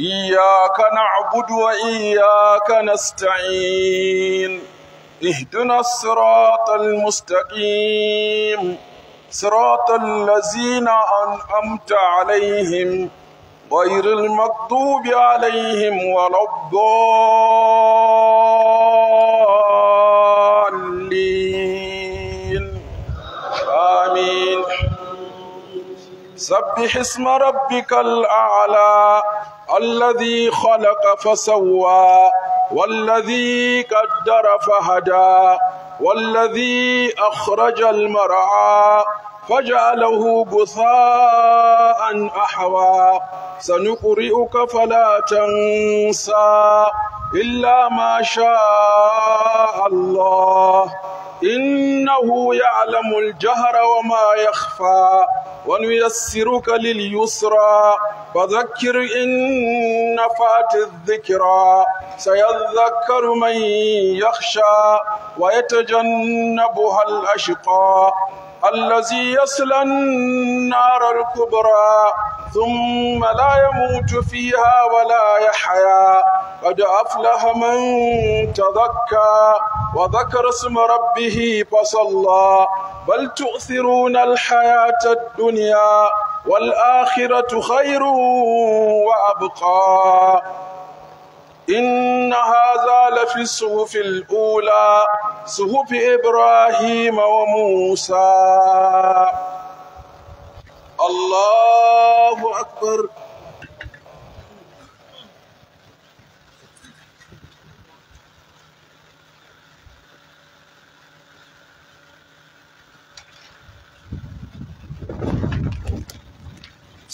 إياك نعبد وإياك نستعين اهدنا الصراط المستقيم صراط الذين أنعمت عليهم غير المغضوب عليهم ولا الضالين آمين سبح اسم ربك الأعلى الذي خلق فسوى والذي قدر فهدى والذي أخرج المرعى فجعله غثاء أحوى سنقرئك فلا تنسى إلا ما شاء الله إنه يعلم الجهر وما يخفى ونيسرك لليسرى فذكر إن نفعت الذكرى سيذكر من يخشى ويتجنبها الأشقى الذي يصلى النار الكبرى ثم لا يموت فيها ولا يحيا قد أفلح من تذكى وذكر اسم ربه فصلى بل تؤثرون الحياة الدنيا والآخرة خير وأبقى إن هذا لفي الصحف الأولى صحف إبراهيم وموسى الله أكبر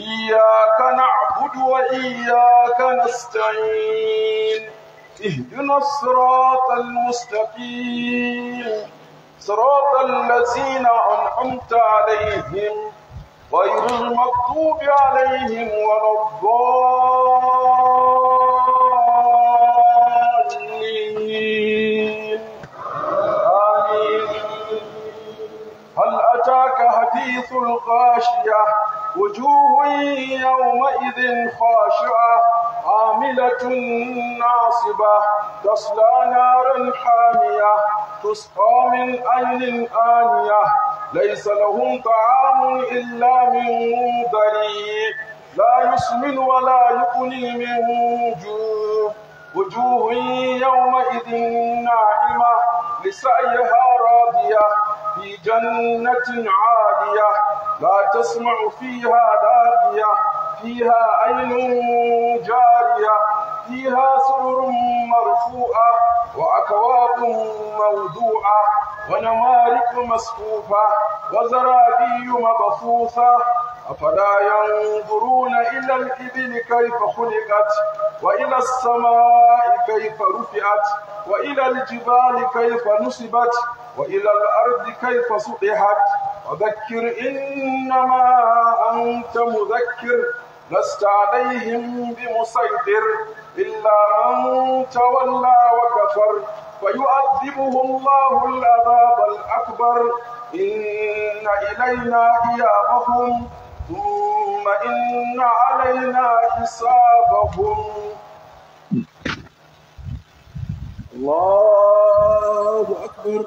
إياك نعبد وإياك نستعين اهدنا الصراط المستقيم صراط الذين أنعمت عليهم غير المكتوب عليهم ولا الضالين آمين هل أتاك حديث الغاشية وجوه يومئذ خاشعة عاملة ناصبة تصلى نارا حامية تسقى من عين آنية ليس لهم طعام إلا من ضريع لا يسمن ولا يغني من جوع وجوه يومئذ ناعمة لسعيها راضية في جنة عالية لا تسمع فيها لاغية فيها عين جارية فيها سرر مرفوعة وأكواب موضوعة ونمارق مسقوفة وزرابي مبثوثة أفلا ينظرون إلى الإبل كيف خلقت وإلى السماء كيف رفعت وإلى الجبال كيف نصبت وإلى الأرض كيف سطحت وذكر إنما أنت مذكر لست عليهم بمسيطر إلا من تولى وكفر فيؤذبه الله العذاب الأكبر إن إلينا إيابهم ثم إن علينا حسابهم الله أكبر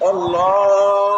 Allah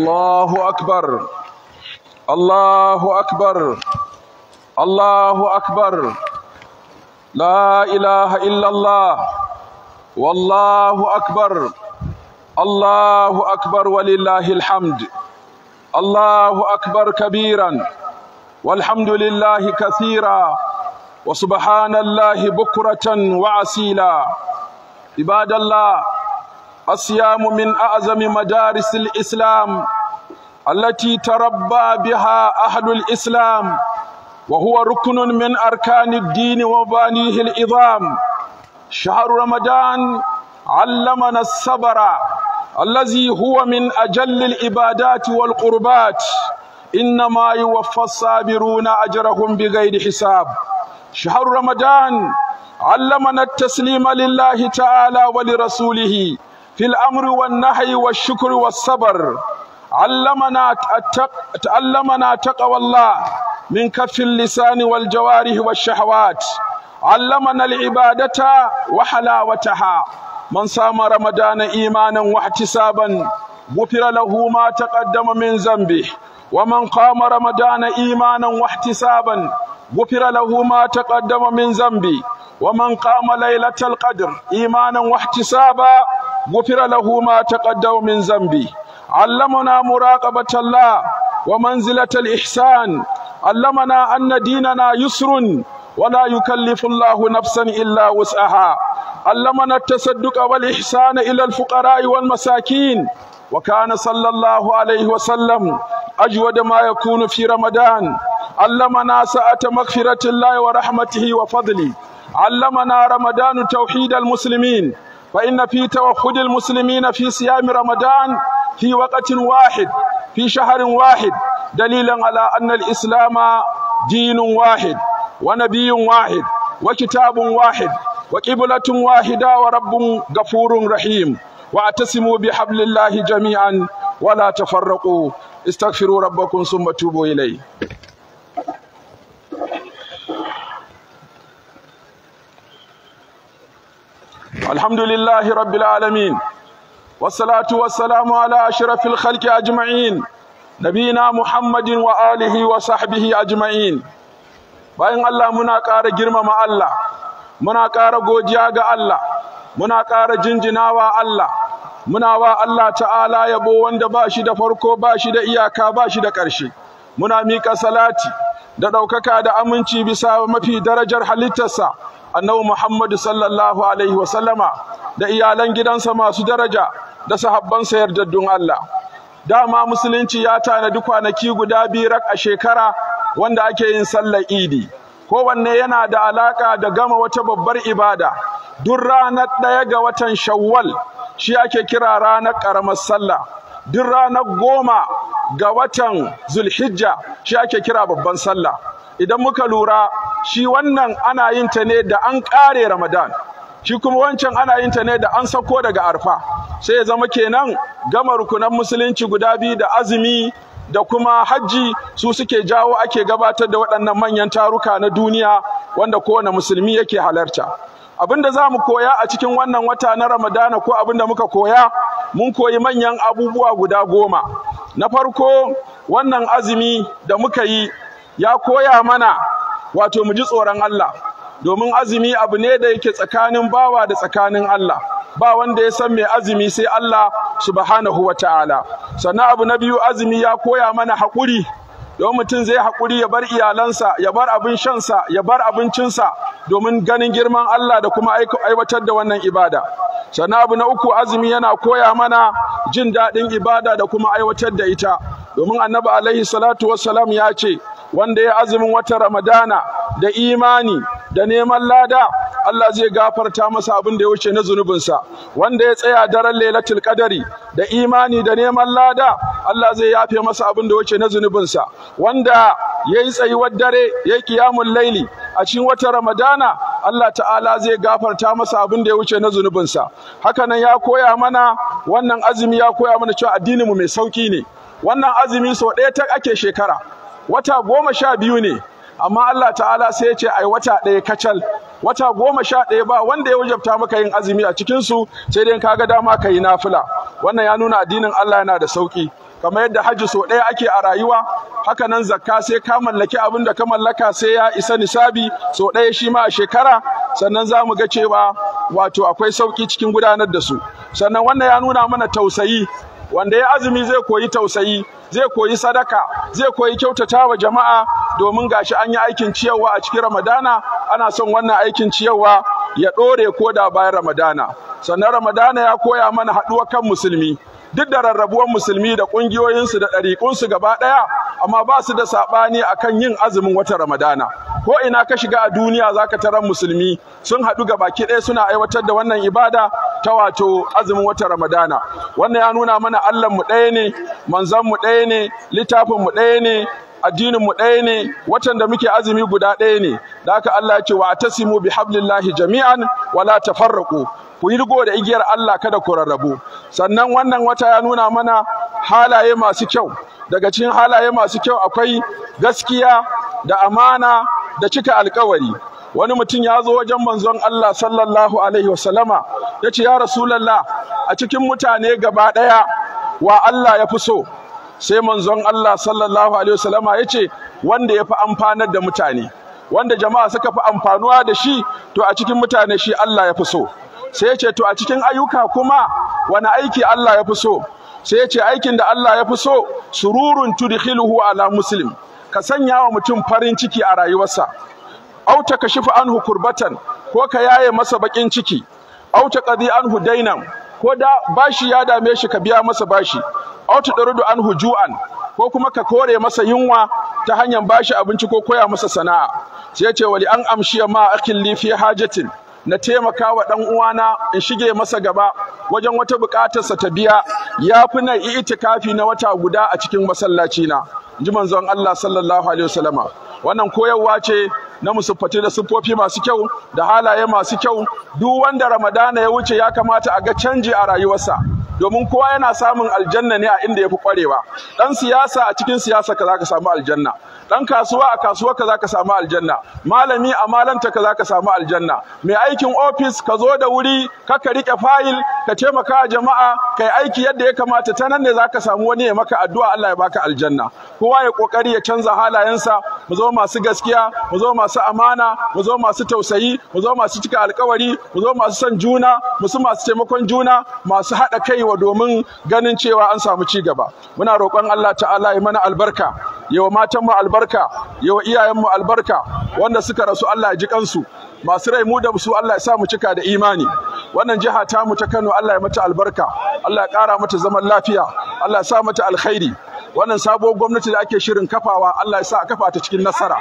الله أكبر الله أكبر الله أكبر لا إله إلا الله والله أكبر الله أكبر ولله الحمد الله أكبر كبيرا والحمد لله كثيرا وسبحان الله بكرة وعسيلا عباد الله الصيام من أعظم مدارس الإسلام التي تربى بها أهل الإسلام وهو ركن من أركان الدين وبانيه العظام شهر رمضان علمنا الصبر الذي هو من أجل العبادات والقربات إنما يوفى الصابرون أجرهم بغير حساب شهر رمضان علمنا التسليم لله تعالى ولرسوله في الأمر والنهي والشكر والصبر علمنا تعلمنا تقوى الله من كف اللسان والجوارح والشهوات علمنا العبادة وحلاوتها من صام رمضان إيمانا واحتسابا غفر له ما تقدم من ذنبه ومن قام رمضان إيمانا واحتسابا غفر له ما تقدم من ذنبه ومن قام ليلة القدر إيمانا واحتسابا غفر له ما تقدم من ذنبي علمنا مراقبة الله ومنزلة الإحسان علمنا أن ديننا يسر ولا يكلف الله نفسا إلا وسعها علمنا التصدق والإحسان إلى الفقراء والمساكين وكان صلى الله عليه وسلم أجود ما يكون في رمضان علمنا ساعة مغفرة الله ورحمته وفضله علمنا رمضان توحيد المسلمين فإن في توحد المسلمين في صيام رمضان في وقت واحد في شهر واحد دليلا على أن الإسلام دين واحد ونبي واحد وكتاب واحد وقبلة واحدة ورب غفور رحيم واعتصموا بحبل الله جميعا ولا تفرقوا استغفروا ربكم ثم توبوا إليه الحمد لله رب العالمين والصلاة والسلام على أشرف muhammadin wa alihi محمد وآله وصحبه أجمعين bayan Allah muna ƙara girmama Allah muna ƙara godiya ga Allah muna ƙara jinjinawa Allah muna wa Allah ta'ala yabo wanda ba shi da farko ba shi da iyaka ba shi da ƙarshe muna miƙa salati da ɗaukaka da aminci bisa mafi darajar halittarsa annabi Muhammadu sallallahu alaihi wasallama da iyalan gidansa masu daraja da sahabbansa yardaddun Allah dama musulunci ya tanadi kwanaki guda biyu rak a shekara wanda ake yin sallar idi kowanne yana da alaka da gama wata babbar ibada duk ranar ɗaya ga watan shawwal shi ake kira ranar ƙaramar sallah duk ranar goma ga watan zulhijja shi ake kira babban sallah idan muka lura shi wannan ana yin ta ne da an ƙare ramadan shi kuma wancan ana yin ta ne da an sako daga arfa sai ya zama kenan gama rukunan musulunci guda biyu da azumi da kuma hajji su suke jawo ake gabatar da waɗannan manyan taruka na duniya wanda kowane musulmi yake halarta abinda za mu koya a cikin wannan wata na ramadana ko abin da muka koya mun koyi manyan abubuwa guda goma na farko wannan azumi da muka yi ya koya mana wato mu ji tsoron Allah domin azumi abu ne da yake tsakanin bawa da tsakanin Allah ba wanda ya san mai azumi sai Allah subhanahu wa ta'ala sannan abu na biyu azumi ya koya mana haƙuri yau mutum zai haƙuri ya bar iyalansa ya bar abin shansa ya bar abincinsa domin ganin girman Allah da kuma aiwatar da wannan ibada sannan abu na uku azumi yana koya mana jin daɗin ibada da kuma aiwatar da ita domin annabi alaihi salatu wassalam ya ce wanda ya azumin wata ramadana da imani da neman lada Allah zai gafarta masa abin da ya wuce na zunubinsa wanda ya tsaya daren lailatul qadari da imani da neman lada Allah zai yafe masa abin da ya wuce na zunubinsa wanda yayi tsayuwar dare yayi qiyamul laili a cikin wata ramadana Allah ta'ala zai gafarta masa abin da ya wuce na zunubinsa haka nan ya koya mana wannan azumi ya koya mana cewa addinin mu mai sauki ne wannan azumi sau ɗaya ta ake shekara wata goma sha biyu ne amma Allah ta'ala sai ya ce ai wata ɗaya kacal wata goma sha ɗaya ba wanda ya wajabta maka yin azumi a cikinsu sai dai ka kaga dama ka yi nafila wannan ya nuna addinin Allah yana da sauki kamar yadda hajji sau ɗaya ake a rayuwa haka nan zakka sai ka mallaki abin da ka mallaka sai ya isa nisabi sau ɗaya shi ma a shekara sannan za mu ga cewa wato akwai sauki cikin gudanar da su sannan wannan ya nuna mana tausayi wanda ya azumi zai koyi tausayi zai koyi sadaka zai koyi kyautata wa jama'a domin gashi an yi aikin ciyarwa a cikin ramadana ana son wannan aikin ciyarwa ya ɗore ko da bayan ramadana sannan ramadana ya koya mana haɗuwa kan musulmi duk da rarrabuwar musulmi da ƙungiyoyinsu da ɗariƙunsu gaba ɗaya amma ba su da saɓani a kan yin azumin wata ramadana ko ina ka shiga a duniya za ka tarar musulmi sun haɗu ga baki ɗaya suna aiwatar da wannan ibada ta wato azumin wata Ramadana wannan ya nuna mana Allah mu ɗaya ne manzon mu ɗaya ne littafin mu ɗaya ne addinin ɗaya ne watan da muke azumi guda ɗaya ne da haka Allah ya ce wa bi hablillahi jami'an wala tafarraqu ku yi rigo da igiyar Allah kada ku rarrabu sannan wannan wata ya nuna mana halaye masu kyau daga cikin halaye masu kyau akwai gaskiya da amana da cika alkawari wani mutum ya zo wajen manzon Allah sallallahu alaihi wasallama ya ce ya rasulallah a cikin mutane gaba ɗaya wa Allah ya fi so sai manzon Allah sallallahu alaihi wasallama ya ce wanda ya fi amfanar da mutane wanda jama'a suka fi amfanuwa da shi to a cikin mutane shi Allah ya fi so sai ya ce to a cikin ayyuka kuma wani aiki Allah ya fi so sai ya ce aikin da Allah ya fi so sururun tudkhiluhu ala muslim ka sanya wa mutum farin ciki a rayuwarsa au ta kashifa anhu kurbatan ko ka yaye masa bakin ciki au ta qadi anhu dainan ko da bashi ya dame shi ka biya masa bashi au ta darudu anhu ju'an ko kuma ka kore masa yunwa ta hanyar bashi abinci ko koya masa sana'a sai ya ce wali an amshi ma li fi hajatin na taimaka wa ɗan uwana in shige masa gaba wajen wata bukatar sa ta biya ya fi na itikafi na wata guda a cikin masallaci na ji manzon Allah sallallahu alaihi wasallama wannan koyarwa ce na musuffati da siffofi masu kyau da halaye masu kyau duk wanda ramadana ya wuce ya kamata a ga canji a rayuwarsa domin kowa yana samun aljanna ne a inda ya fi kwarewa dan siyasa a cikin siyasa ka za ka samu aljanna dan kasuwa a kasuwa ka za ka samu aljanna malami a malanta ka za ka samu aljanna mai aikin ofis ka zo da wuri ka ka rike fayil ka taimaka jama'a ka yi aiki yadda ya kamata ta nan ne ka samu wani ya maka addu'a Allah ya baka aljanna kowa ya kokari ya canza halayensa mu zo masu gaskiya mu zo masu amana mu zo masu tausayi mu zo masu cika alkawari mu zo masu son juna mu masu taimakon juna masu haɗa kaiwa domin ganin cewa an samu ci gaba muna roƙon Allah ta'ala ya mana albarka yawa matanmu albarka yawa iyayenmu albarka wanda suka rasu Allah ya ji kansu masu rai mu da su Allah ya sa mu cika da imani wannan jiha ta mu ta Kano Allah ya mata albarka Allah ya ƙara mata zaman lafiya Allah ya sa mata alkhairi wannan sabuwar gwamnati da ake shirin kafawa Allah ya sa a kafa ta cikin nasara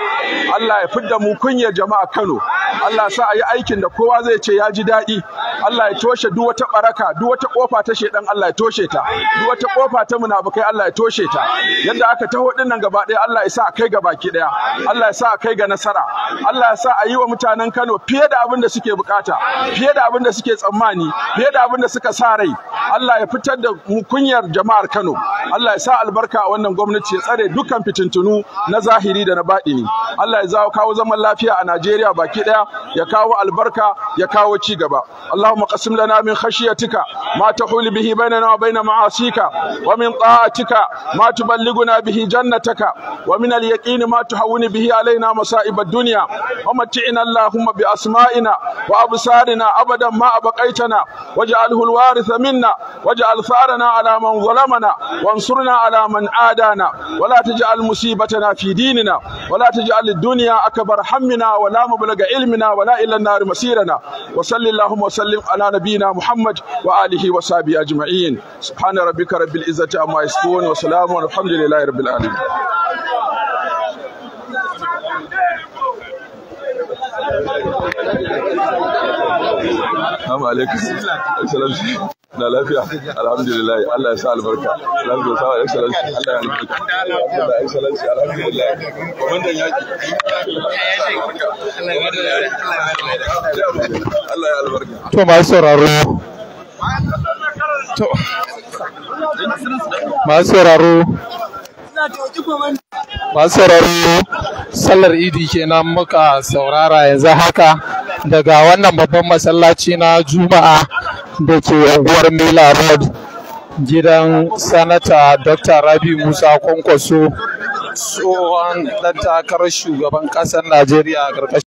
Allah ya fidda mu kunyar jama'a Kano Allah ya sa a yi aikin da kowa zai ce ya ji daɗi Allah ya toshe duk wata baraka duk wata kofa ta shedan Allah ya toshe ta duk wata kofa ta munafukai Allah ya toshe ta yadda aka taho din nan gaba ɗaya Allah ya sa a kai ga baki ɗaya Allah ya sa a kai ga nasara Allah ya sa a yi wa mutanen Kano fiye da abin da suke bukata fiye da abin da suke tsammani fiye da abin da suka sa rai Allah ya fitar da mu kunyar jama'ar Kano Allah ya sa albarka a wannan gwamnati ya tsare dukkan fitintunu na zahiri da na baɗini Allah ya zawo kawo zaman lafiya a Najeriya baki ɗaya ya kawo albarka ya kawo ci gaba Allahumma qasim lana min khashiyatika ma tahul bihi bainana wa bain ma'asika wa min ta'atika ma tuballighuna bihi jannataka wa min al-yaqini ma tuhawwini bihi alaina masa'ib ad-dunya wa mat'ina Allahumma bi asma'ina wa absarina abadan ma abqaitana waj'alhu al-waritha minna واجعل ثارنا على من ظلمنا وانصرنا على من عادانا ولا تجعل مصيبتنا في ديننا ولا تجعل الدنيا أكبر همنا ولا مبلغ علمنا ولا إلى النار مسيرنا وصل اللهم وسلم على نبينا محمد وآله وصحبه أجمعين سبحان ربك رب العزة عما يصفون وسلام والحمد لله رب العالمين Thank you. Assalamu alaikum. Na lafiya. Alhamdulillah. Allah ya sa albarka. Alhamdulillah. Allah ya albarka. To masu sauraro. Masu sauraro. Sallar Idi kenan muka saurara yanzu haka. daga wannan babban masallaci na juma'a da ke unguwar mila road gidan sanata dr rabi musa kwankwaso tsohon ɗan takarar shugaban ƙasar najeriya a